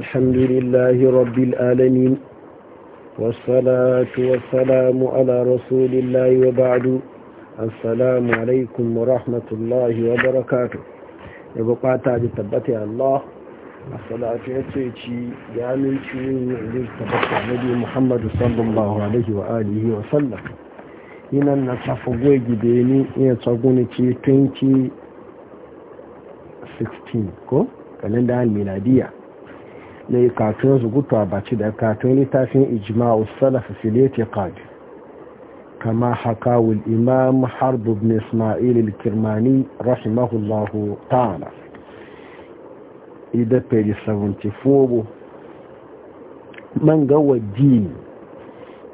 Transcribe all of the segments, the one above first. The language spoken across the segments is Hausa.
الحمد لله رب العالمين والصلاة والسلام على رسول الله وبعد السلام عليكم ورحمة الله وبركاته يبقى تاج تبتي الله الصلاة يتيجي جامل شوين شيء لتبتي النبي محمد صلى الله عليه وآله وسلم هنا نصف ويجي بيني يتصغوني 2016 كو kalenda الميلادية na yi katon zugutu a baci da katon littafin ijma'u salaf ta kaji. kama haka hakawul imam harbu bin isma'il al-kirmani rahimahullahu ta'ala idan peji 74 man gawa dini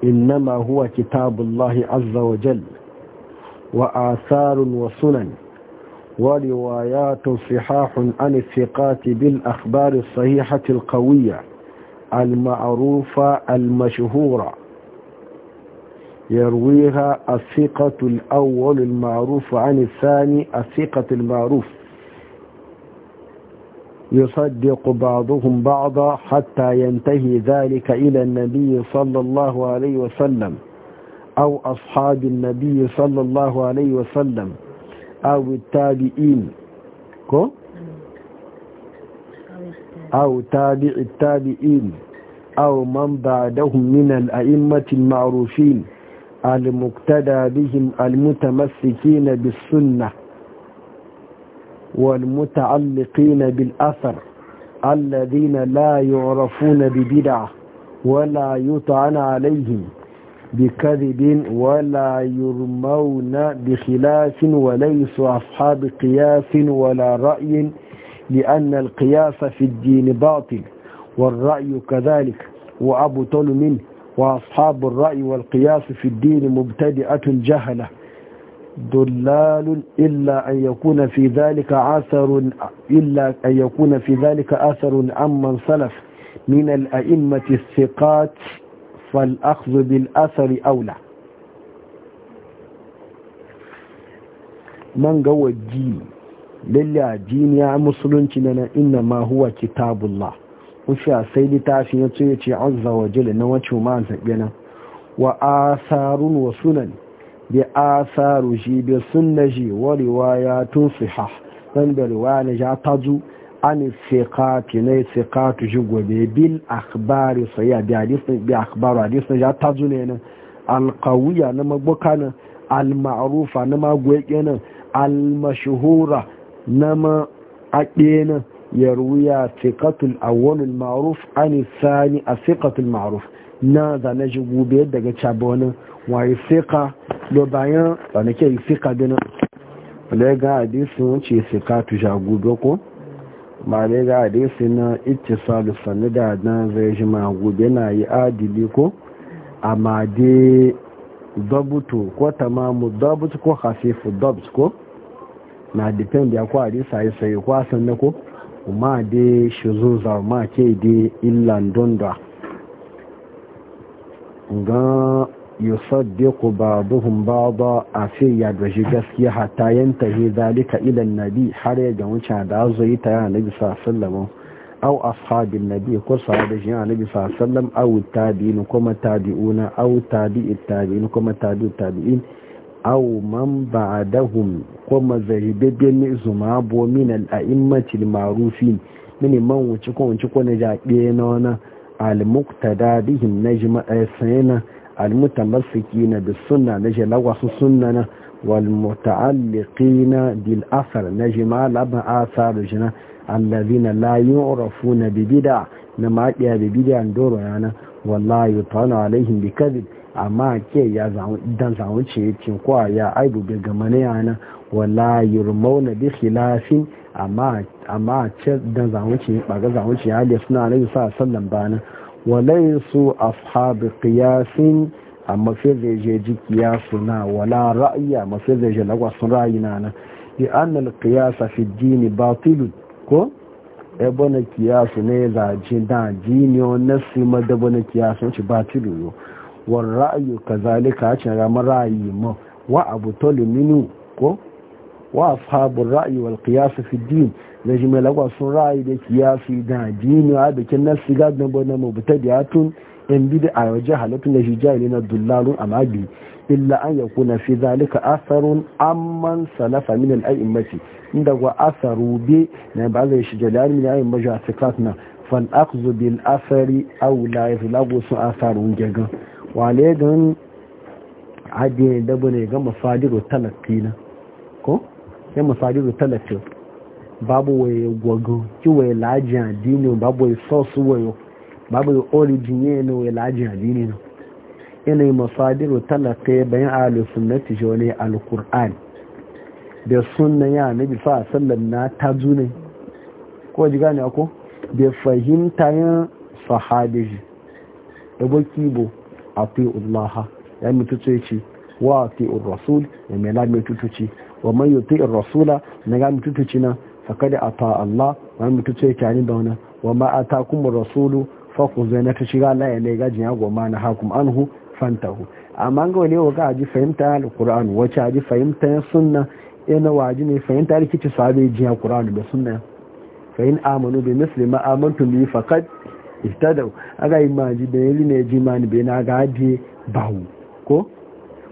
إنما هو كتاب wa عز wa وآثار وروايات صحاح عن الثقات بالأخبار الصحيحة القوية المعروفة المشهورة يرويها الثقة الأول المعروف عن الثاني الثقة المعروف يصدق بعضهم بعضا حتى ينتهي ذلك إلى النبي صلى الله عليه وسلم أو أصحاب النبي صلى الله عليه وسلم أو التابعين كو أو تابع التابعين أو من بعدهم من الأئمة المعروفين المقتدى بهم المتمسكين بالسنة والمتعلقين بالأثر الذين لا يعرفون ببدعة ولا يطعن عليهم بكذب ولا يرمون بخلاف وليس أصحاب قياس ولا رأي لأن القياس في الدين باطل والرأي كذلك طول منه وأصحاب الرأي والقياس في الدين مبتدئة جهلة ضلال إلا أن يكون في ذلك أثر إلا أن يكون في ذلك أثر عمن سلف من الأئمة الثقات فالأخذ بالأثر أولى من قوى الجين للي الجين يا مسلم إنما هو كتاب الله وفي سيد تافي يتويتي عز وجل نواتي وما زبينا وآثار وسنن بآثار جي بسنجي وروايات صحح من برواية تجو an siqati ne siqatu jigwabe bil akhbari sayya bi hadisin bi akhbaru hadisin ya tazu ne nan na magboka nan al ma'rufa na magweke nan al mashhura na ma aqe nan yarwiya siqatul awwal al ma'ruf an thani asiqatul ma'ruf na da na jigwabe daga chabonin waye siqa do bayan da nake siqa dinan lega hadisin ce siqatu jagudo ko ma dai ga hadisi na sannu da na zai ji gobe na yi adili ko ma dai dabutu ko tamamu dabutu ko hafifu dabutu ko na depend ya ko hadisa ya yi ko asan ko ma dai shi zuza ma ke dai illan donda ga yusaddiqu ba'dhum ba'dha a fi ya dashi gaskiya hatta yantahi zalika ila nabi har ya ga wuce da a ta ya nabi sallallahu aw ashabin nabi ko sahabi shi nabi sallallahu aw tabi'in kuma tabi'una aw tabi'i tabi'in kuma tabi'u tabi'in aw man ba'dahum kuma zahibibin zuma bo min al-a'immatil ma'rufin mini man wuce ko wuce ko na jabe na wana al-muqtada bihim najma المتمسكين بالسنة نجي لغوص سنة والمتعلقين بالأثر نجي ما na آثار جنا الذين لا يعرفون ببدع نما na ببدع na يعني والله يطعن عليهم بكذب amma ke ya dan zamu ce cin kwa ya aibu bi ga mane yana wala yurmauna bi khilafin amma amma ce dan zamu ce ba ga zamu ce ya suna alaihi sallam bana walaisu ashabi qiyasin amma sai je ji qiyasu na wala ra'ayi amma sai zai je lagwa sun ra'ayi na na bi anna al qiyasa fi dini batil ko e bona qiyasu ne za jin da jini on nasi madaba na qiyasu ci batil yo war ra'ayi kazalika ci ramar ra'ayi ma wa abu tolu minu ko wa ashabu ra'ayi wal qiyasa fi din da mai lagwa sun ra'ayi da kiyasi da jini a bikin na siga da bane mabuta da tun in bi a waje halittun da shi ne na dullarun amabi illa an yaku na fi zalika asarun amman salafa min mace inda wa asaru be na ba zai shi jalari min al'a'immati a sikas na fan akzu bil asari aw la yuzlagu su asarun gaga wale gan hadiye da bane ga masadiru talaqina ko ya mafadiru talaqina babu wai gwago ki waye lajin addini babu wai sosu wayo babu waye origin ne na waye lajin addini na yanayi masadiru talaka bayan ahlu sunnati wani alkur'an da sunna ya nabi fa sallam na tazu ne ko ji gane ko da fahimta ya sahabi da fi atiullaha ya mutuce ce wa atiur rasul ya mai tutuci wa man yuti rasula na ga mututuci na da ata Allah wa mutu ce kyani da wannan wa ma kuma rasulu fakuzo na ta shiga Allah ya lega jiya goma na hakum anhu fantahu amma ga wani waga aji fahimta alquran wace aji fahimta sunna yana waji ne fahimta rikici sabe jiya qur'an da sunna fa in amanu bi misli ma amantum bi faqad ihtadaw aga imaji da yeli ne jimani be na ga bawo ko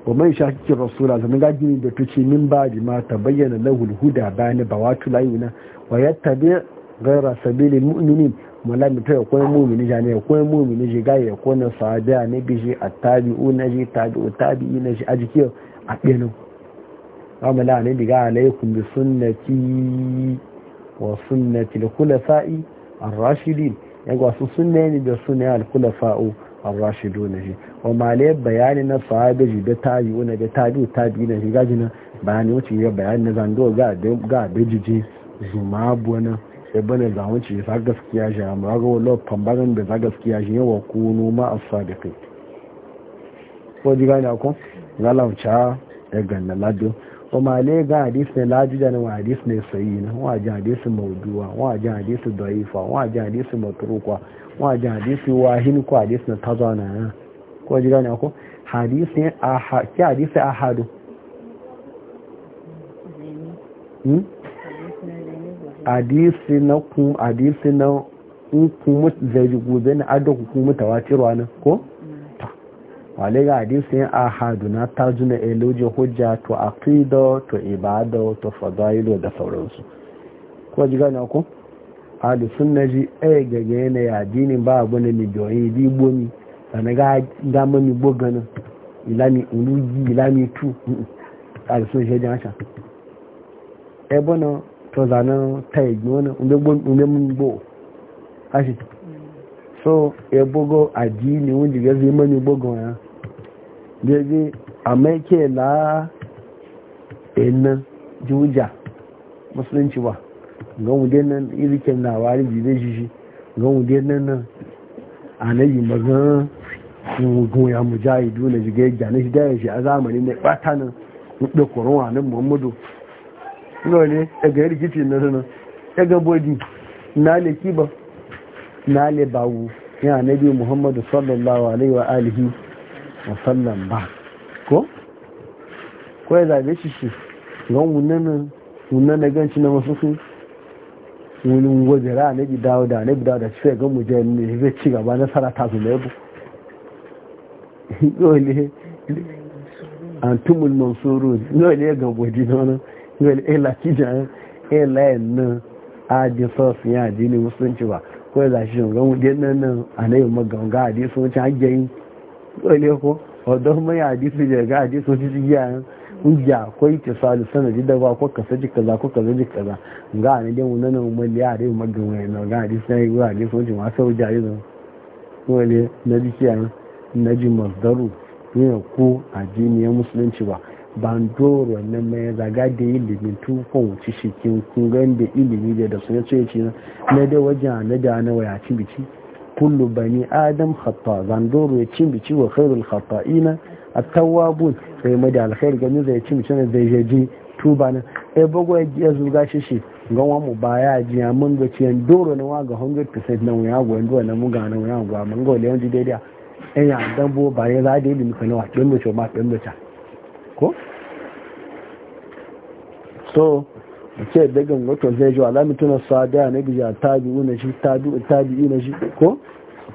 wa man shakikin rasula zaman gajini da tuce min ba di ma ta bayyana lahul huda bani ba watu layuna wa yattabi gaira sabilin mu'minin mala mi ta koyi mu'mini jani ya koyi mu'mini ji gaya ya kona sahabiya ne bi ji attabi'u na ji tabi'u tabi'i na ji ajiki a ɗinu amala ne diga alaikum bi sunnati wa sunnati al-khulafa'i ar-rashidin yaga su sunne ne da sunne al-khulafa'u الراشدون هي وما لي بيان الصحابه جي تابعون ده تابعوا تابعين هي غاجنا بيان وتي بيان نزاندو غا غا بيجي زما ابونا ibn zawon ce sa gaskiya shi amma ga wallo fambaran da za gaskiya shi yawa kunu ma as-sadiqi ko ji gane ko zalauca ya ganna ladu o ma ga hadis ne ladu da wa sayi na wa ji hadis wa da'ifa wa ji hadis wajen hadisi hin ko hadisi na tazo na ya ko ji gane ko hadisi a hadu hadisi na kun hadisi na kun zai gobe na adda kun mutawatirwa nan ko wale ga hadisin ahadu na tajuna eloji hujja to aqida to ibada to fadailo da sauransu ko ji gane ko ahlu sunna ji ai e, gaga yana ya dinin ba abu ne mi doyi bi bomi na ga ga mami bogana ilami uluji ilami tu ahlu sun je jan e bana to zana tai gona unde bon unde mun e, bo kashi so ya bogo addini wunji ga zai mani bogo ya gege ameke la ena juja musulunci ba gan wudin nan irikin na wari bi zai shi gan nan nan anayi magan gun ya mujahidu na jigai gane shi dayan shi a zamanin na ɓata nan da koron nan muhammadu nawa ne daga yi rikici na nan daga bodi na le kiba na le bawu ya nabi muhammadu sallallahu alaihi wa alihi wa sallam ba ko ko ya zabe shi shi gan wunan nan wunan na ganci na masu su wani waje ra bi dawo da na bi dawo da shi ga ne zai ci gaba na sara ta zuwa yabo antumul mansuru ga godi eh la ki eh la na a di ya di ni ba ko da shi ga mu nan nan anayi maganga di so ta ko odon mai ga so ya hujja akwai tisalu sanadi da ba ko kasa jika za ko kaza jika za ga ne dai mun nan mun ya dai mun da mun na ga dai sai ga dai so jima sau jari da ne na dikiya na ji masdaru ne ko ajiniyar musulunci ba ban bandoro na mai zaga da ilimin tufan wuce kun kungan da ilimi da da sun ce ce na da wajen na da na waya cin bici kullu bani adam khata bandoro ya cin bici wa khairul khata'ina attawabun sai mai da alkhairi gani zai ci mutum zai jeji tuba na ai bugu ya zuga shi shi gan wa mu baya ji ya mun ga ciyan doro na wa 100% na wuya ya go ndo na mu ga na wuya ya go mun go le yanzu daidai en ya dan bo ba ya za da yi muka na wa dan mu ma dan mu ko so ce daga wato zai ji alamituna sada na bija tabi'u na shi tabi'u tabi'u na shi ko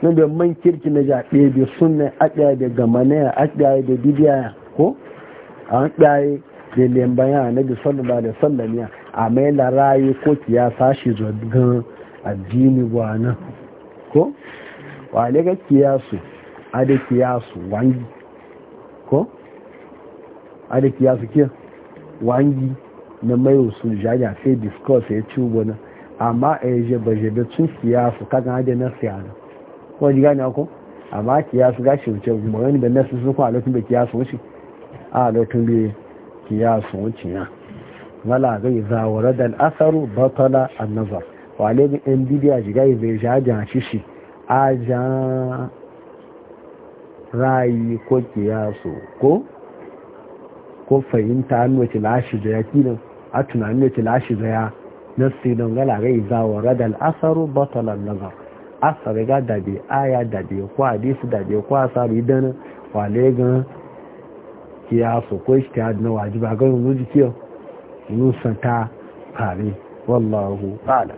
na da man kirki na jaɓe da sunna a ɗaya da gamanaya a ɗaya da bidiya ko a ɗaya da lembaya na da ba da sallamiya a mai rayu ko kiyasa shi zogan addini nan ko wa ne ga kiyasu a da kiyasu wangi ko a da kiyasu ke wangi na mai su jaja sai discourse ya ci gwanan amma a yaje baje da tun kiyasu kaga hada na siyana ko ji gane ko amma kiyasu gashi wuce magani da nasu sun kwa lokacin da kiyasu wuce a lokacin da kiyasu wuce ya wala zai zawara da asaru batala an nazar wale bi yan bidiya shiga yi zai sha jan shi? a jan rayi ko kiyasu ko ko fahimta an wace lashi da ya kinan a tunanin wace lashi da ya nasi don gala zai zawara da asaru batala an nazar asabe ga dabe aya dabe ko hadisi dabe ko asaru idan wale gan so ko ijtihad na wajiba ga yanzu jikiyo nusan ta fare wallahu ta'ala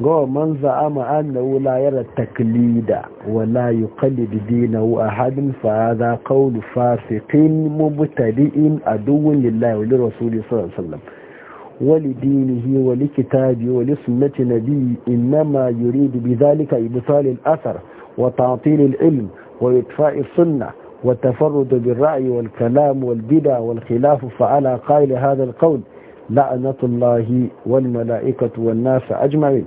ga man a annahu la yara taklida wa la yuqallid dinahu ahadin fa hadha in fasiqin mubtadi'in aduwwun lillahi wa lirrasuli sallallahu alaihi wasallam ولدينه ولكتابه ولسنة نبيه إنما يريد بذلك إبطال الأثر وتعطيل العلم وإطفاء السنة والتفرد بالرأي والكلام والبدع والخلاف فعلى قائل هذا القول لعنة الله والملائكة والناس أجمعين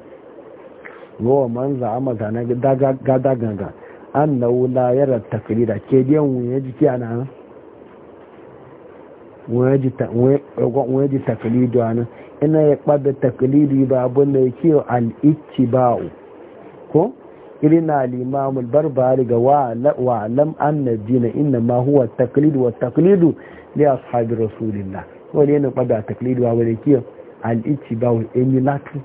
هو من زعم أنه لا يرى التقليد كيديا ويجي عنها wọ́n ji takalidu a ina ya kpada takalidu ba abin da ya kiyo al'ittiba'u ko irin na al'imamul barbari ga wa alam annabi na inna ma huwa takalidu wa takalidu li ashabi rasulillah wani yana kpada takalidu a wani kiyo al'ittiba'u in yi latin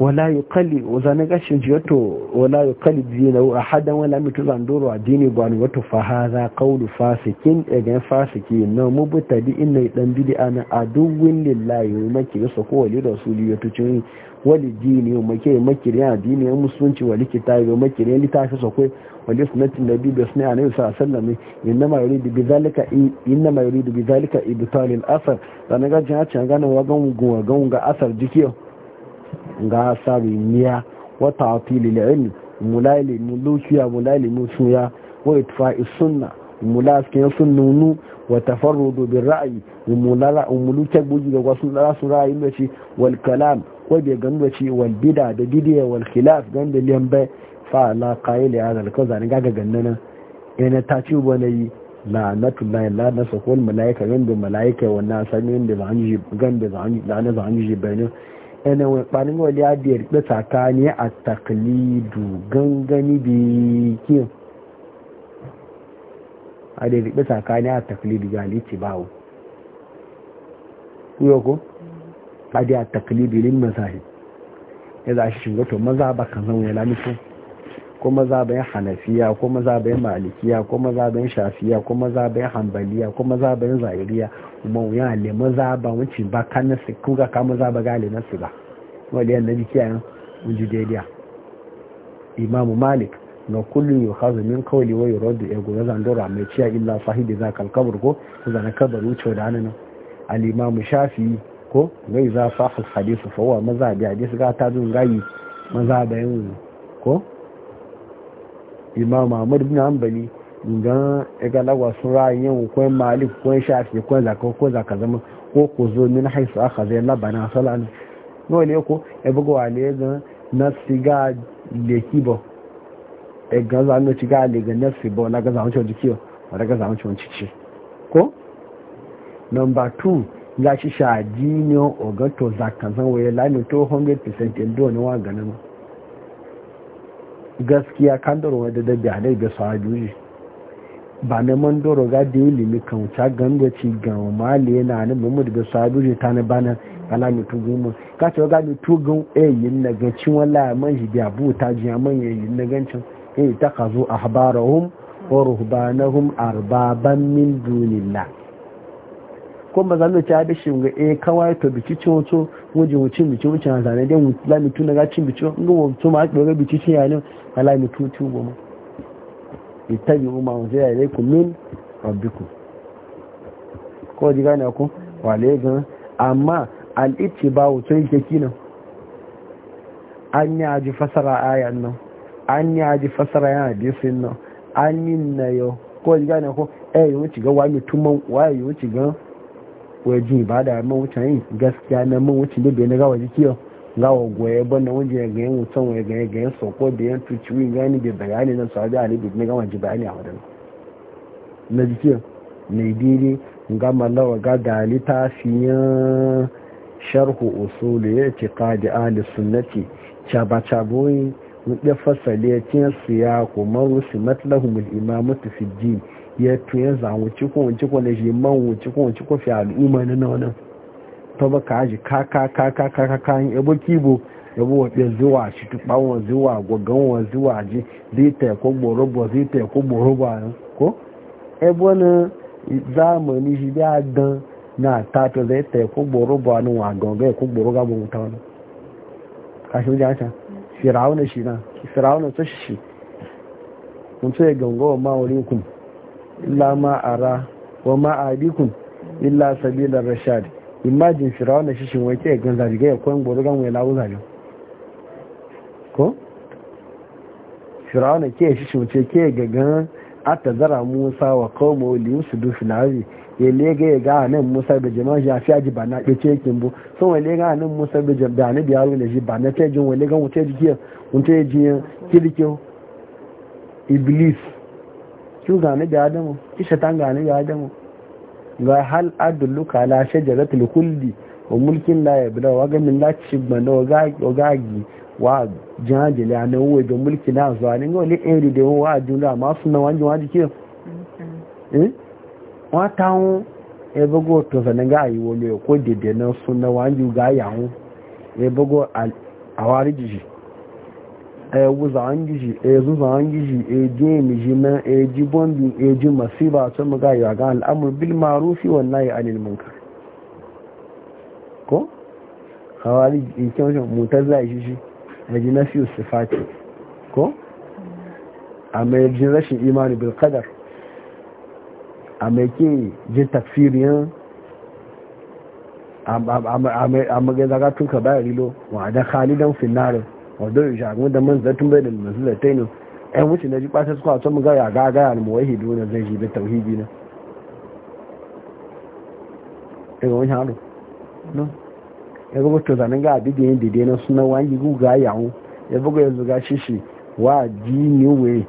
wala yukali wazane gashin jiyoto wala yukali dinahu ahadan wala mitu zandoro adini gwani wato fa hadha qawlu fasikin egan fasiki no mubtadi inna dan bid'a na aduwwin lillahi wa maki yasa ko wali rasuli yato cin wali dini wa maki maki ri adini ya musulunci wali kitabi wa maki ri litafi so ko wali sunnati nabi bi sunna annabi sallallahu alaihi wasallam inna ma yuridu bi zalika inna ma yuridu bi zalika asar dan gashin ha cin gana wa ga asar ga sabi miya wata afili da ilmi mula ilimin lukiya mula ilimin suya wa itfa sunna mula askin sun nunu wa tafarrudu bin ra'ayi umulu kegbuji ga wasu rasu ra'ayi da ce wal kalam ko bai gani da ce wal bida da bidiya wal khilaf gan da liyan bai fa la qayla ya zalka zani gaga na ina ta ci na yi la'anatu la la'ana sakon malaika gan da malaika wannan sanin da yi gan da zanji la'ana zanji bayanin yana wani wali adiyar da tsakani e a taklidu gangani bi kiyo adiyar da tsakani e a taklidu ga liti bawo yau ko adiyar taklidu lin masahi ya e za shi shiga to maza ba kan zama ya lamisu ko zaben hanafiya ko zaben malikiya ko zaben shafiya ko zaben hambaliya ko zaben zahiriya kuma wuya le zaba wuce ba kan nasu kuka ka mazaba na nasu ba wani yan nabi kiyayen wuji daidai imamu malik na kullum yau hazu min kawali wa yuraddu ego na zandora mai ciya illa fahidi za kalkabar ko zana kabar wuce da hannun al'imamu shafi ko gai za fa hadisu fawa maza da hadisu ga ta zun gayi maza ko imam ahmad bin hanbali ga ga lagwa sun yin ko malik ko shafi ko zaka ko zaka zama ko ko zo min haisu aka zai labana salan no ne ko e bugo wale ga na siga le kibo e ga za no ga le ga na sibo na ga za mu ci kiyo na ga za mu ci ci ko number 2 ga shi shaji ne o ga to zakka zan waye ni to 100% ndo ne wa ganin gaskiya kan doro wadda da biya da biya sahabi ba na man doro ga da yi kan wuce ganga ci ga mali yana nan mu daga sahabi ta na bana ala mi tu mu ka ce ga mi tugu eh yin na ga cin wala man shi da bu ta ji man yin na gancin eh ta kazo ahbarahum wa ruhbanahum arbaban min dunillah ko ba za mu ci abi shi ga kawai to bici cin wato waje wuce bici wuce a zane dan la mi tuna ga cin bici in ga wato ma ga bici cin yanin ala mi tutu goma itabi umma wa zai alaikum min rabbikum ko ji gane ku wale ga amma al ittiba wato yake kina an ya ji fasara ayan nan an ya ji fasara yana hadisin nan an yin na yau ko ji gane ku eh yi wuce ga wa mi wa yi wuce ga wai ji ibada man wuce yin gaskiya na man wuce da bai na gawa jiki gawa goye ban na wunje ga yin wutan wai ga gayen soko da yan tuci ga ni bai bayani na saudi ali bai na gama ji bayani a wadana na jiki mai dini ga mallawa ga gali ta fiyan sharhu usulu ya ce kadi ali sunnati caba-caboyi ya fasale ya cin ya kuma rusu matlahumul imamu fi jini ya tuye za wuce ko wuce ko na shi man wuce ko wuce ko fi al'umma na ka ka ka ka ka ka ka ka ya ji zai illa ma ara wa ma adikum illa sabila rashad imagine firawuna shi shin wai ke gan zaliga ya kwan gboro gan wai lawo zaliga ko firawuna ke shi shin ce ke gan ata zara musa wa kawo li yusudu fi nari ya lega ya ga nan musa da jama'a ya fi aji ba na ɗaya ce yakin bu sun wa lega nan musa da jama'a na biya da shi ba na jin wa lega wuce jikin wuce jikin kirkin iblis su gane da adamu ki shaitan gane da adamu ga hal adulluka ala shajaratul kulli wa mulkin la yabla wa ga min la bana wa ga ga gi wa jajila na wo ga mulki na zo ga wani eri de wa jula ma sunna wa jwa ji kiyo mm-hmm. eh wa tawo e bugo to sanan ga yi wo le ko dede na sunna wa ju ga yawo e bugo al awariji wuza an gishi ezu zuza an gishi e je mi ji na e ji bombin e ji masiba ta mu ga ya ga al'amur bil ma'rufi wan nahi anil munkar ko hawari in kyau shi mutazila shi shi ya ji su fati ko a mai jin rashin imani bil qadar a mai ke jin takfiriyan a magaza ga tun ka bayar rilo wa da khalidan finnarin wadda ya shagun da man zartun bai da masu zartai ne yan wuce na ji ɓata aga a mu gaya ga gaya da mawai na zai shi da tauhidi na daga wani haru no ya nga wato zanen ga yin dide na suna wani guga yawon ya buga yanzu ga shi shi wa ji ni we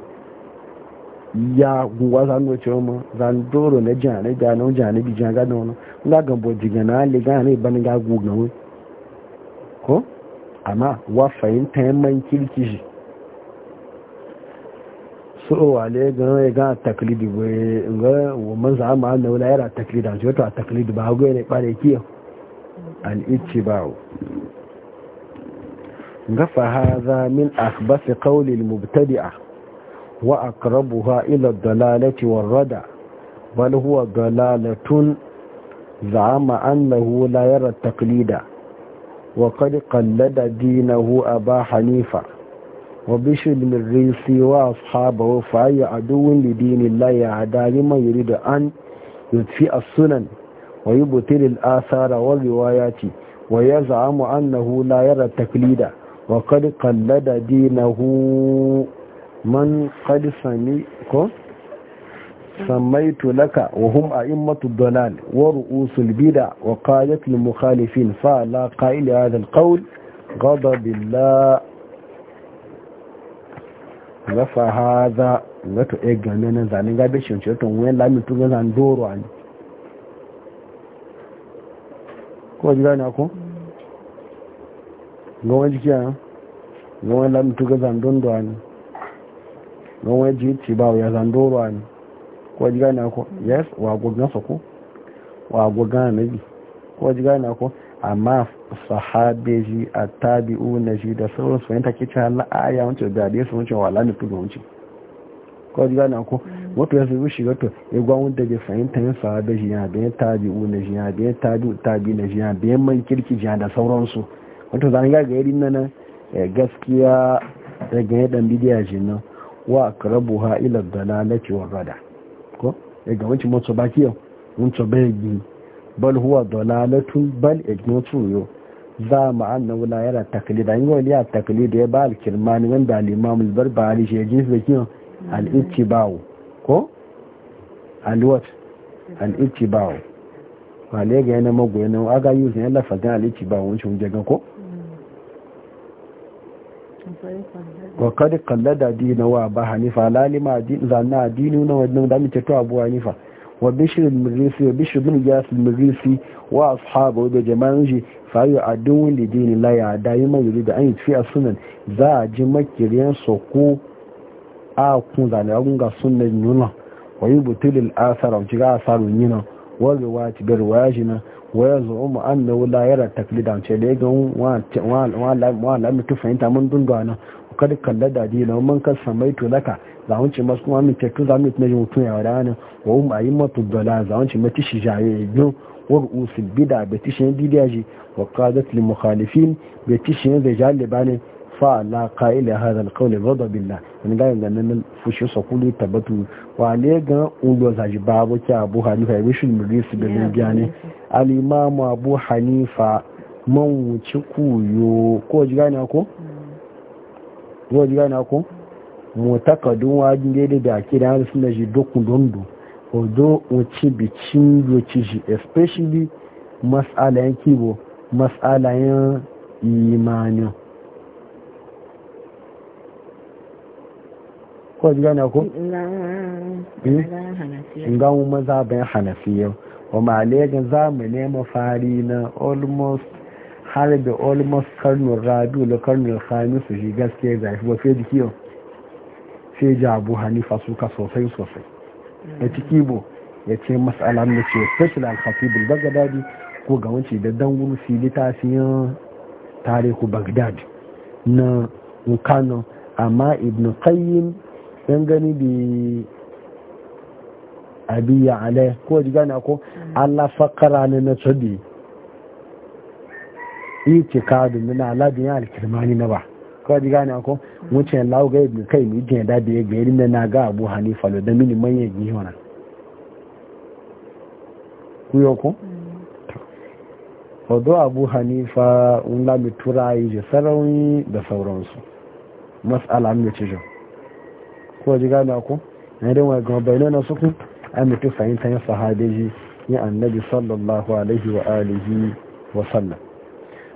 ya guwa zanu wace ma zan na jana ga na jana bi ga na wani ga gambo diga na ga ne ban ga amma wa fahimta yamman kirki shi so'owa wale gan ya gan taklidi bai ga woman za ma na wula yara taklidi an ta taklidi ba hagu ne bare kiyo an ichi bawo ga fa hadha min akhbas qawli al mubtadi'a wa aqrabuha ila ad dalalati war rada bal huwa dalalatun za'ama annahu la yara taklida وقد قلد دينه أبا حنيفة وبشر المريسي وأصحابه فأي عدو لدين الله يعدى لمن يريد أن يطفئ السنن ويبطل الآثار والروايات ويزعم أنه لا يرى التقليد وقد قلد دينه من قد سمعكم sammaitu laka wa hum a'immatu dalal wa ru'usul bid'a wa qayatul mukhalifin fa la qa'il hadha al-qawl ghadabillah gafa haza gato e gane nan zanen gabe shi wancan tun tun gan lamin tun gan zan ne ko ji gane ko yes wa gogan sa ko wa gogan nabi ko ji gane ko amma sahabeji attabi'u na shi da sauran su yanta kici la'aya wancan da dai su wancan wala ne tudu wancan kawai ji gane ko wato yanzu zuwa shiga to ya gwan wanda bai fahimta yin sahabeji ya bayan tabi'u na shi ya bayan tabi'u tabi na shi ya bayan man kirki ji da sauran su wato zan ga gari nan eh, gaskiya da daga dan bidiya jinnan wa akrabuha ila dalalati wa rada ko e ga wancan motsa baki yau wunce bai gi bal huwa dalalatun bal ignotu yo za ma annahu la yara taklida yin wani ya taklida ya ba al-kirmani wanda al-imam al-barbari shi jinsi da kiyon al-ittibawu ko al-wat al-ittibawu ba le ga yana magoya nan aga yi usin yalla fadin al-ittibawu wancin wujagen ko mm. wa kad qallada dinawa ba hanifa lalima din zanna dinu na wannan da muke to abu hanifa wa bishr al-mirisi wa bishr bin jas al-mirisi wa ashabu da jama'an shi fa yu adun li din la ya daima da an yi yutfi a sunan za a ji makiriyan soko a kun zane kun ga sunan nuna wa yubtil al-athar wa jiga asarun nuna wa riwayat bi riwayajina wa yazum annahu la yara taqlidan ce da ya ga wa wa la mutu dundu mun dungana kad kalla da dina man kan to laka za wanci masu kuma min teku za mu tunai mutun ya rana wa um ayi matu dala za mati shi jaye yo wa rusul bida bi tishin ji wa qadat lil mukhalifin bi tishin da jalibani fa la qa'ila hadha al qawl ghadab billah an ga yan nan fushi sakuli tabatu wa ne ga ulo zaji babu ki abu hanifa ya wishin muris da nan biyane al imam abu hanifa man wuci kuyo ko ji gane ko yau ji gane ku mutakadun wajen daidai da ake da hannun suna shi dokun dundu odo wace bicin yoci shi especially matsalayen kibo matsalayen imanin ko ji gane ku? Hmm? nga mu maza bayan hannafiyar wa malayin zamani mafari na almost har da almost karnin rabi da karnin sami su shi gaske zafi wafe jiki yau sai ja abu hanifa suka sosai sosai da ciki ya ce matsala da ce special al-khatibul bagdadi ko ga wance da dan su yi littafin tarihu bagdad na kano amma ibn qayyim yan gani da abiya alai ko ji ko mm. allah fakara ne na tabi itikadu min ya alkirmani na ba kawai ji gane ko wuce lau ga ibn kai mai jin da biye gari na na ga abu hanifa da mini manyan gi wana ku yau ko mm. odo abu hanifa un lami tura yi je sarauni da sauransu mas'ala mi ce jo kawai ji gane ko na yi rinwa ga bayyana su ku a mutu fahimta ya sahadeji ya annabi sallallahu alaihi wa alihi wa sallam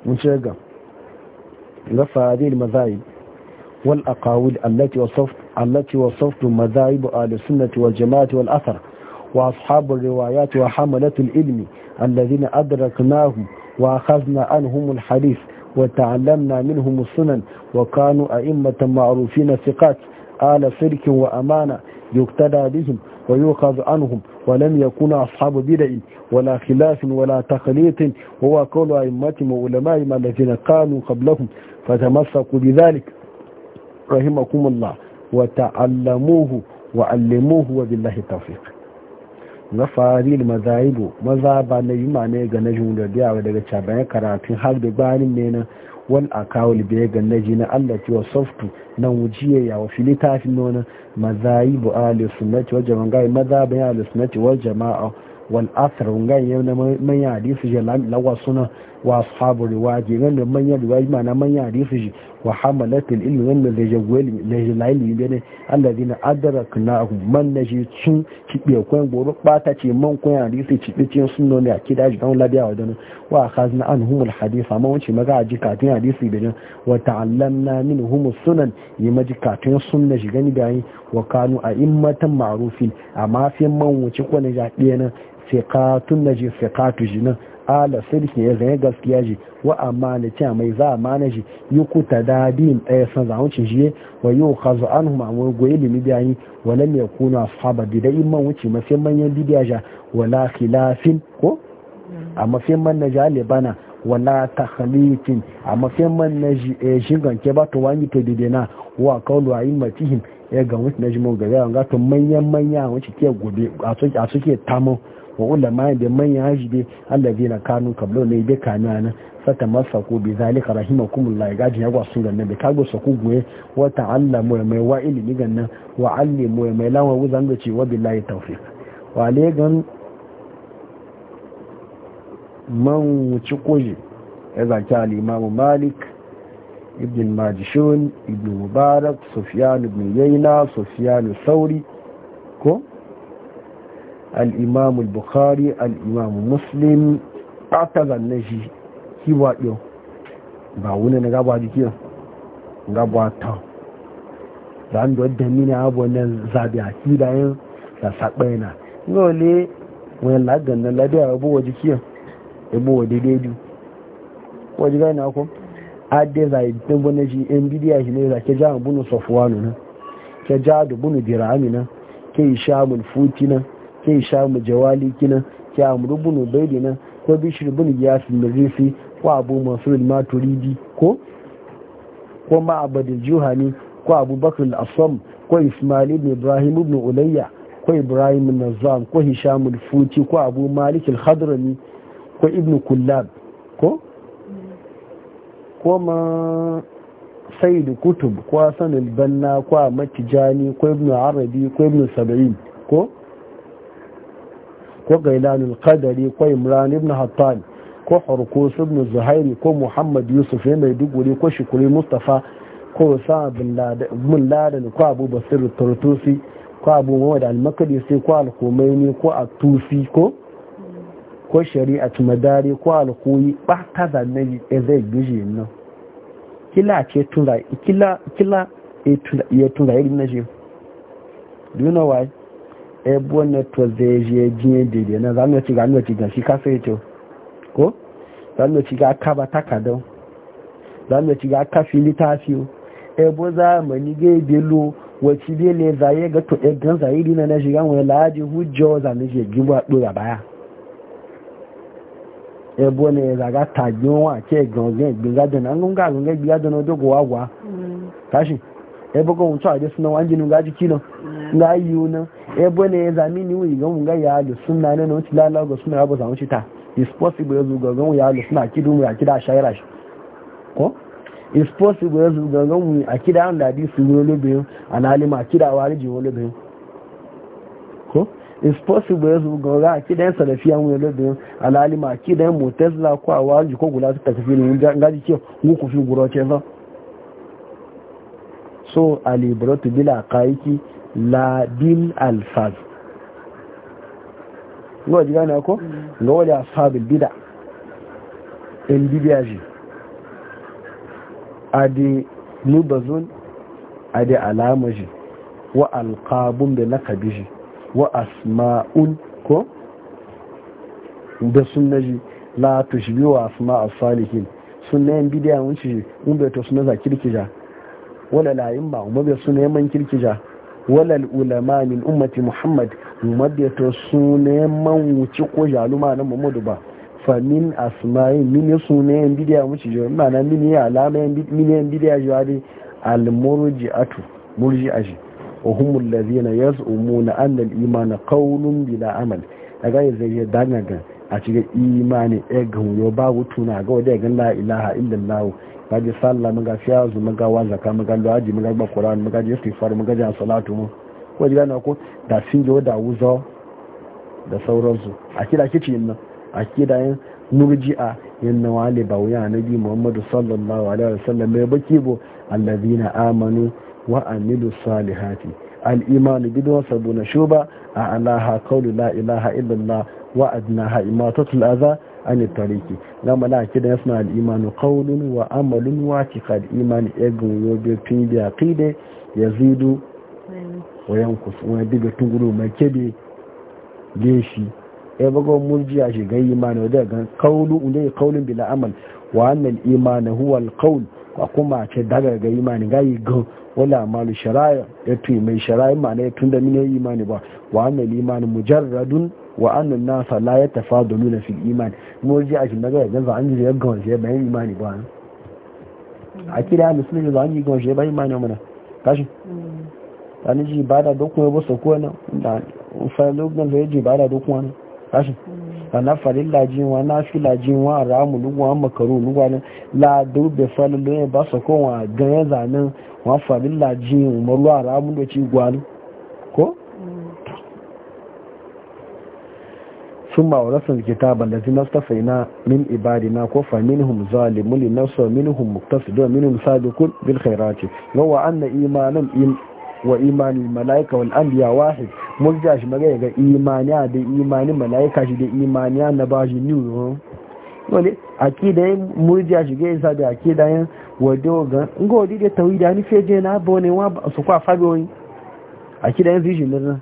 منشجع غفى هذه المذاهب والأقاويل التي وصفت التي وصفت مذاهب أهل السنة والجماعة والأثر وأصحاب الروايات وحملة العلم الذين أدركناهم وأخذنا عنهم الحديث وتعلمنا منهم السنن وكانوا أئمة معروفين ثقات آل صدق وأمانة يقتدى بهم ويؤخذ عنهم ولم يكون أصحاب بدع ولا خلاف ولا تخليط هو قول أئمتهم وعلمائهم الذين كانوا قبلهم فتمسكوا بذلك رحمكم الله وتعلموه وعلموه وبالله التوفيق na da mazaibu maza ba na yi ma ga na jin da yawa daga cabayen karatun har da bayanin ne na wani akawul biya ga na ji na allah cewa softu na wujiye ya wa fili tafin nuna mazaibu Alisu na wal jama'a gai maza bayan ahli sunnati wajen jama'a wal asr ngai yau na manyan hadisu jalan lawa suna wa ashabu riwaji ngai manyan riwaji ma na wa hamalatul ilmi wannan da jagwali da ilmi zina allazi na adraknahum man naji sun kibe koyan goro bata ce man koyan hadisi cibe cin sunno ne a kida ji kan labiya wa dano wa khazna anhum al hadith amma wace a aji katin hadisi da jan na ta'allamna minhum sunan yi maji katin sunna shi gani da yi wa kanu a'immatan ma'rufin amma fi man wuce ko na ja diyan fiqatun naji fiqatu jinan ala sirki ya zai gaskiya ji wa amana ce mai za amana shi yi ku ta dadin ɗaya san zaun ci wa yi ka zo an huma wani goyi limi biya yi wa lam ya kuna sahaba bidai in man wuce mafi manyan bidiya ja wala khilafin ko a mafi man na ja lebana wala takhalifin a mafi man na eh, shigan ke ba to wani to didena wa kaulu a yi matihim ya ga wuce na jimon gari a ga to manyan manya wuce ke gobe a suke tamon wa ulama da manyan hajibe allazi na kanu kablo ne da kanana fata masaku bi zalika rahimakumullah gaji ya gwa sun gannan da kago saku goye wa ta'allamu mai wa ilimi ganna wa allimu mai lawa wuzan da ce wa billahi tawfiq wa le man wuci koje ya zaki al malik ibn majishun ibn mubarak sufyan ibn yayna sufyan sauri ko al'imamu bukhari al'imamu muslim ɓata zanne shi kiwa ɗin ba wuni na gaba jikin gaba ta da mini abu na zaɓi a kidayen da saɓai na yau ne wani lagan na labiya ya buwa jikin ya buwa daidai biyu wajen gani akwai adé zai dimbo na shi yan bidiya shi ne zake ja bunu safuwanu na ke ja da bunu dirami na ke ishamul futi na sha shamu jawali kina ki amru bin ubaydi nan ko bishir bin giyas rifi ko abu mansur maturidi ko ko ma al juhani ko bakr al-asam ko ismail ibn ibrahim ibn ulayya ko ibrahim nazam ko hisham al-futi ko abu malik al-hadrami ko ibn kullab ko ko ma said kutub ko hasan banna ko matijani ko ibn arabi ko ibn sab'in ko ko gailanul qadari ko imran ibn hattan ko harkus ibn zuhairi ko muhammad yusuf ya mai duguri ko shukuri mustafa ko sa bin laden ko abu basir tartusi ko abu mawad al sai ko al-kumaini ko ko madari ko al-kuyi ba zai gije nan kila ce tura e ya tura irin na do you know why ebo na to zai je jiye na zamu ci ga nuci ga shi kasa yato ko zanu ci ga ka ba takadau zanu ci ga ka fili o ebo za mani ga belo wace dai le zaye ga to e gan zaye dina na shiga wani laji hujjo za mu je giwa dora baya ebo ne zaga tajin wa ke gangan gbinga da nan gunga gunga biya da no wa wagwa tashi ebo ko wuce a je mm. sunan wanjinin ki kilo mm. nga yuna ebe ne ya zami ni wuyi ga ya da sunna ne na ti lala go sunna abo samu ta is possible ya zuga gan ya da suna kidu mu ya kida shayra shi ko is possible ya zuga gan mu a kida an ji wani lobe ko is possible ya zuga gan a kida yan salafiya mu lobe an alima kida yan ko ko gula tafi ji ke fi la alfaz ga ji gane ko mm. ga wadda ashabul bida in bidiya ji adi nubazun adi alama ji wa alqabun da lakabi ji wa asma'un ko da sunna ji la tushbi wa asma'a salihin sunna yan bidiyan mun ci mun bai to sunna za kirkija wala layin ba mun bai sunna yan man kirkija walal ulama min ummati muhammad ummadi to man wuci ko jaluma na muhammadu ba fa min asma'i min sune yan bidiya mu ci jo mana min ya alama min yan bidiya jo ade al murji'atu murji'aji wa hum alladhina yaz'umuna anna al imana qawlun bila amal daga yaje dana ga a cikin imani eh, ya gawo ba tuna na ga wadda ya gan la ilaha illallah ga ji sallah muga fiya zu muga wa zaka muga laji muga ba qur'an muga ji istighfar muga ji salatu mu ko ji gana ko da sinjo da wuzo da sauransu a kida kici nan a kida yin murji'a yin nawali ba wuya nabi muhammadu sallallahu alaihi wasallam bai baki bo allazina amanu wa amilu salihati al-imanu bidon sabuna shuba a alaha qawlu la ilaha illallah wa adnaha imatatul adha an tariki gama na kida yasna al imanu qawlun wa amalun wa tiqad iman egun yobe tin bi aqide yazidu wa yanqus wa diga tunguru mai kebe leshi e bago murjiya shi ga imani da ga qawlu unde qawlun bila amal wa anna al iman huwa al qawl wa kuma ce daga ga imani ga yi ga wala amalu shara'a ya tu mai shara'a ma ne tunda mine imani ba wa anna al iman mujarradun wa annun nasa la ya tafa domin fil iman murji a shin daga yanzu an ji yagga wani bayan imani ba wani a kira musulmi da an yi gawan shi bayan imani mana kashi ta hmm. ni ji ba da dokun ya basa kuwa nan da farin lokacin da ya ji ba da dokun wani kashi ta hmm. na farin lajin wa na fi lajin wa ramu lugu wa makaru lugu wani la dubbe don ya ba sa kowa ganyen zanen wa farin lajin umaru a ramu da ci gwani ثم ورثنا الكتاب الذين اصطفينا من عبادنا كفا منهم ظالم لنفسه منهم مقتصد ومنهم سابق بالخيرات روى أن إيمانا وإيمان الملائكة والأنبياء واحد مجاش مغير إيمانيا دي إيمان ملائكة دي إيمانيا نباجي نيو wani akida yin murjiya shiga yin sabi akida yin wado ga ngodi da tawida ni feje na bone wa su kwa fabi wani akida yin zishin nan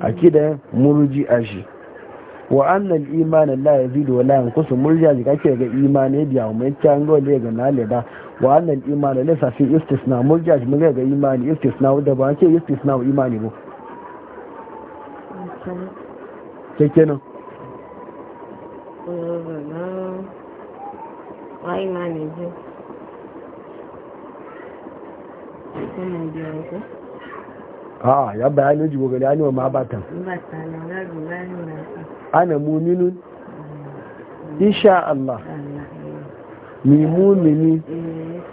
akida yin murjiya shi wa annal imana la yazidu wa la yanqusu murja ji kake ga imani biya mai can go le ga nale da wa annal imana la sa fi istisna murja ji mai ga imani istisna da ba ke istisna imani bo ke kenan wa imani ji a ya bayani jibo ga ne ma batan batan na ga bayani na ana muminun insha Allah ni mumini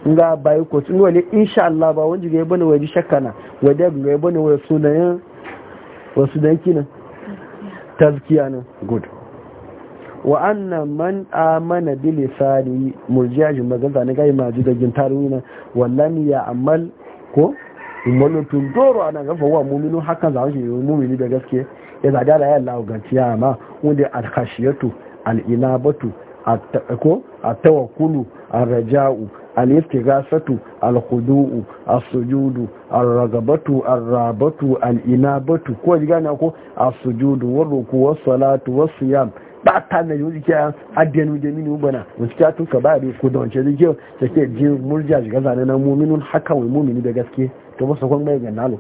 nga bai ko tun wani insha Allah ba wani ga yabo yabana waje shakkana wanda ga yabo ne wani sunayen wasu danki nan tazkiya nan good wa anna man amana bi lisani murjiaji magaza ne gai maji da gintaru nan wallan ya amal ko ummanu tun doro ana ga fa wa mu'minu hakan za shi mu'mini da gaskiya iza gara yalla ga kiyama wanda alkhashiyatu alinabatu attaqo attawakkulu arrajau alistighasatu alkhudu'u asujudu arragabatu arrabatu alinabatu ko gana ko asujudu waruku wasalatu wasiyam ba ta na yi wujike a adiyar wujen mini ubana wasu ta tuka ba da ku dawance da ke ta ke ji murja shiga zane na muminun haka wai mumini da gaske to ba su kwan bai ganalo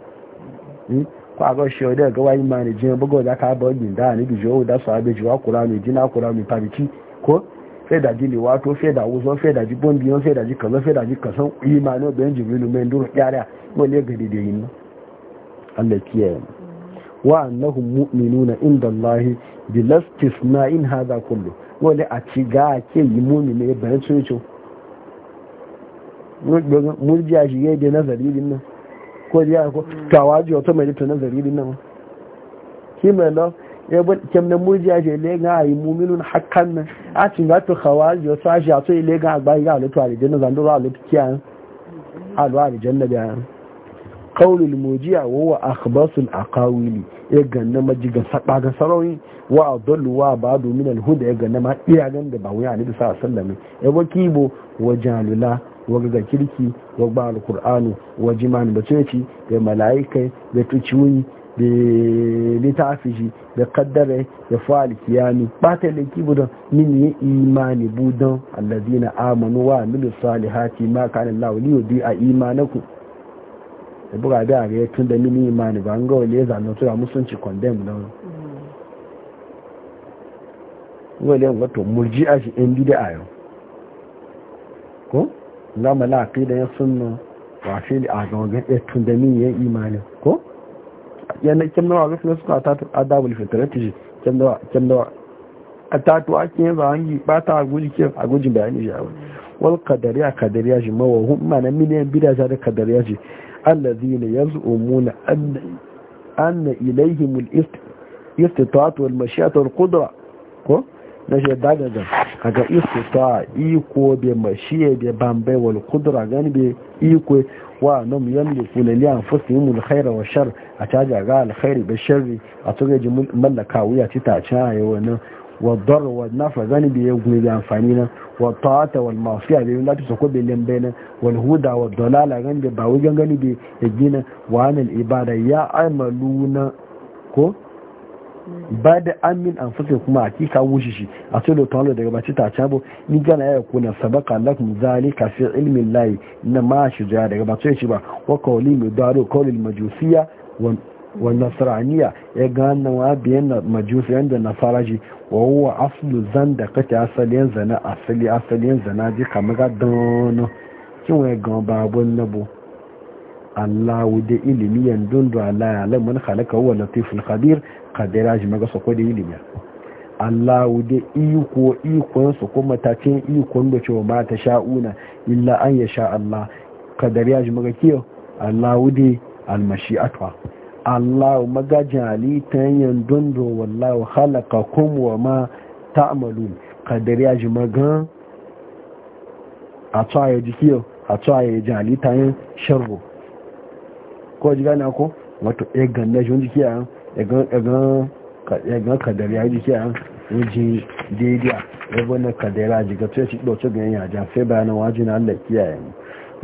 hmm? kwa kwagon shi wadda ga wani mani jin bugu da ka ba gin da ni bijo da su abe jiwa kula mai jina kula mai fabiki ko sai da jini wato sai da wuzo sai da ji bombi sai da ji kaza sai da ji kasan imani bayan jibrilu mai duru yara ko ne gari da yin Allah kiyaye mu wa annahum mu'minuna inda Allah bi lastisna'in hadha kullu wani a ci ga ke yi mu'mini bayan sun ce murjiya shi yayi da nazari din nan ko ya ko tawa ji wato mai tunan din nan shi mai lo ya bu kem na murjiya je le ga yi mu'minun hakkan nan a cin ga to khawaji wato a ja to le ga agba ga lo to ali janna zan do ga lo a alu ali janna ga qawlul murjiya wa huwa akhbasul aqawili ya ganna majiga saba ga sarawi wa adallu wa ba'du min al huda ya ganna ma iya ganda da ba wuya da sallallahu alaihi wasallam ya bo kibo wajalula wani ga kirki wa ba alkur'ani wa jiman baceci da mala'ikai da tuciwi da litafiji da kaddare da fa'al kiyami ba ta laiki budan min yi imani budan allazina amanu wa milu salihati ma kana Allah li yudi a imanaku da buga da ga tun da min imani ba an ga wale zanen tura musunci na wani wale wato murji'a shi in da yau ko zama laƙi da ya sunna washe a gawagen etun da min ya imanin ko yana kyamdawa ga suna suka ta adabul fitaratiji kyamdawa a tatu ake yin zahangi ba ta a gujin bayani shi a wani wal kadariya kadariya shi mawahun mana miliyan bidaja da kadariya shi allazi ne umuna an na ilaihimul istitatu wal mashiyatu wal na shaida daga kaga ta iko be mashiye be bambe wal kudura gani be iko e. wa nam yamliku li anfusihim al khaira wa shar a taja ga al khairi bi sharri a tuga ji mallaka wuya ci ta cha ya e wannan wa dar wa nafa gani be gumi da amfani na wa ta'ata wal mafiya be lati sako be lembe na wal huda wa dalala gani be ba gani be gina wa anil ibada ya na ko ba da amin an kuma a kika wuce shi a ce da tawalo daga bace ta cabo ni gana ya kuna sabaka lakum zalika fi ilmin layi na ma shi zuwa daga bace shi ba wa kawali mai daro qawlil majusiya wa nasaraniya ya gana wa biyan majusiya da nasara shi wa asali aslu zanda kata yan zana asali yan zana ji kamar ga dono kin wa babun nabo Allah da ilimi yandun dundu Allah ya lamun khalaka wa latiful kadira ji maga sako da ilimi Allah wude iko ikon su kuma matakin iko da cewa ba ta sha'una illa an ya sha Allah kadariya ji maga kiyo Allah wude almashi'atwa Allah maga jali ta yan dondo wallahu khalaqakum wa ma ta'malun kadariya ji maga a tsaye jikiyo a tsaye jali ta yan sharro ko ji na ko wato ya ganna shi wani jikiya ẹ̀gán kàdẹ̀rẹ̀ àjíkẹ́ a ń jí déédé à ẹgbẹ́ na kàdẹ̀rẹ̀ ga tó ṣe pọ̀ tó gẹ̀yìn àjá fẹ́ báyẹ̀ wájú na allah kiyaye mu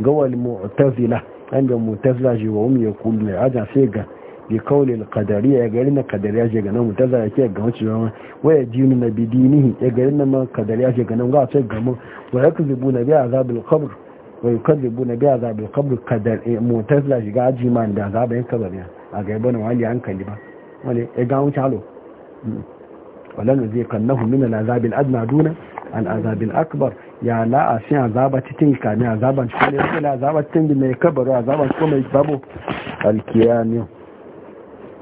gawal mu'tazila an da mu'tazila ji wa um ya kullu ne aja sai ga bi kauli al ya garin na qadariyya ji ga nan mu'tazila ga wuce wa waya jinu na bidinihi ya garin na qadariyya ji ga nan ga sai ga mu wa yakzibu na wa na ji ga da a ga ibn wali hankali ba wani ya gawun calo wadanda zai nuna na al'azabin adina duna al'azabin akbar ya la'a shi azaba cikin kami azaban cikin ya na azaba cikin da mai kabaru azaban ko mai babo alkiyami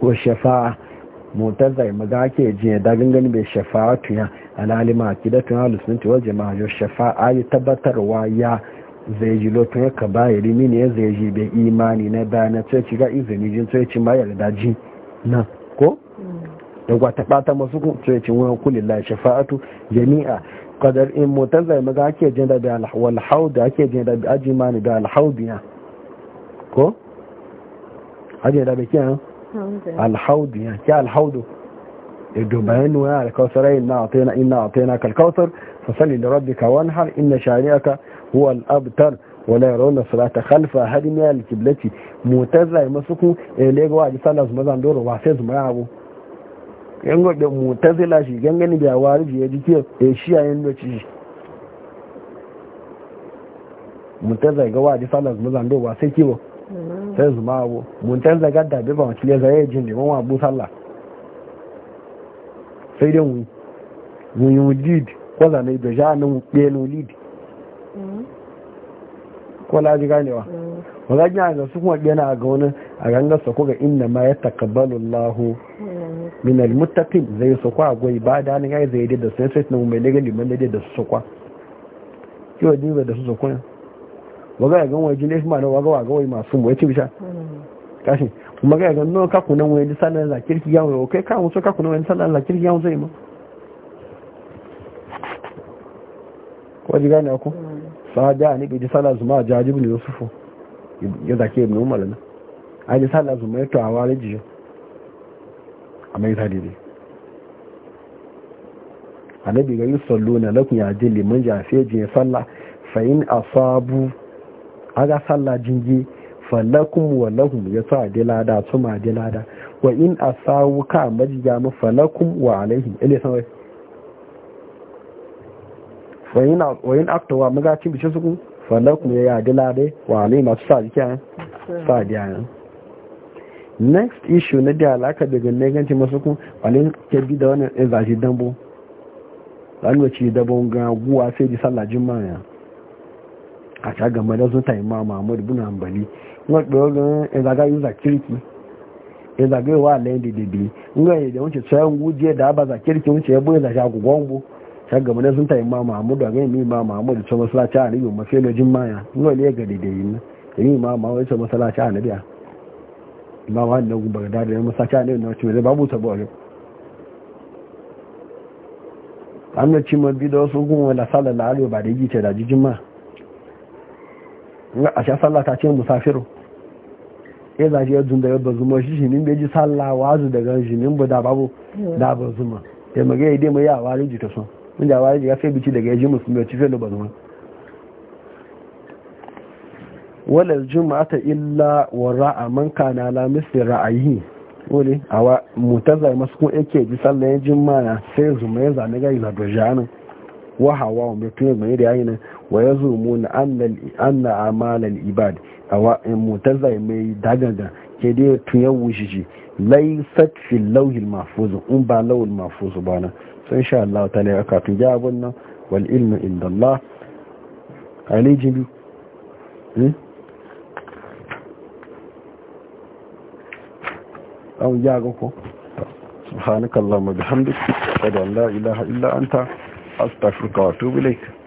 ko shafa'a mutazai maza ke jiya da gangan bai shafa'a tuya kida akidatun lusun tuwa jama'a yau shafa'a ya tabbatarwa ya zai ji lotun yaka baya rimini ya zai ji bai imani na na tsoci ga izini jin tsoci ma yarda ji na ya gwata bata masu ku sai wani kulli la shafa'atu jami'a qadar in mutazai maga ake jin da bil wal da ake jin da ajimani da al haudiya ko aje da bikin al haudiya ki al haudu ido bayan wa al kausara inna atina inna atina kal kausar fasalli li rabbika wanhar inna shari'aka huwa al'abtar abtar wala yarawna salata khalfa hadimiya al kiblati mutazai masu ku ele eh, ga wa sallah su mazan doro ba sai su mai abu yan gobe mutazila shi gangani da wari ya jike e shi yayin da ci mutazila ga wadi salas muzan do wa sai kiwo mm. sai zuma abu mutazila ga da ba wacce zai jin da wa abu sallah sai dai mu mu lead ko za ne da janin belo lead mm. ko laji ganewa wa ga mm. ga su kuma gena ga wani a gangarsa ko ga inna ma ya takabbalu min almuttaqin zai su kwa goyi ba da nan yayi zai da sai sai nan mai daga liman da da su kwa kiwa dinga da su su kwa waga ga wai jile ma na waga waga wai masu mu yace bisha kashi kuma ga ga no ka kunan nan wani sallan da kirki ya wai kai ka mutu ka kunan wai sallan da kirki ya wai ma ko ji gane ku sa da ni bi sallan zuma jajibul yusufu ya zake ibn umar na aji sallan zuma to awaliji a amẹ́ríkà dìde anabi ga yi sallo na lakun ya je liman jafe je salla fa a sabu aga sallah jingi falakun wa lahum ya sa de lada su ma de lada wa in a asawu ka majiya mu falakun wa alaihim ile san wai fa in wa in aktawa maga cin bishi su falakun ya ya de lada wa alaihim su sa jiya sa jiya next issue na da alaka daga neganci masu kun wani kebbi da wani zaji dambo wani ci dabon guwa sai ji sallajin maya a ta gama da sun tayi mama amur buna ambali wani ɗaya ga izaga yi za kirki izaga yi wa alayin da dabi nga yi da wuce tsayan gujiya da ba za kirki wuce ya bai za shi agogon bu ta gama da sun tayi mama amur da ga yi mi mama amur da tsohon masalaci a riyo mafi lojin maya nga ne ga daidai yi na yi mama amur da tsohon masalaci a nabiya ma wa da gubar da da yamma saka ne na wacce da babu sabo ne an na ci man bidiyo sun gun wala sallar da arewa ba da yi gice da jijin ma a sha sallah ta ce musafiru ya zaje ya zunda yadda zuma shi shi nin bai ji sallah wazu daga shi nin ba da babu da ba zuma ya maga ya dai mai yawa rijita sun mun da yawa rijita sai bici daga ya ji musulmi ya ci fe da ba zuma walal juma'ata illa wa ra'a man kana la misli ra'ayi wole awa mutaza masu kun yake ji sallan juma'a sai zuma ya zane ga ila dojana wa hawa wa mutum mai da yayin wa yazumu na annal anna amal al ibad awa eh, mutaza mai dagaga ke da tun ya wushiji laysat fi lawhil mahfuz in ba lawhil mahfuz ba na so insha Allah ta ya ka tun ja abun nan wal ilmu inda Allah alijibi hmm? an ya ga ko subhanakallahumma bihamdik ashhadu an la ilaha illa anta astaghfiruka wa atubu ilaik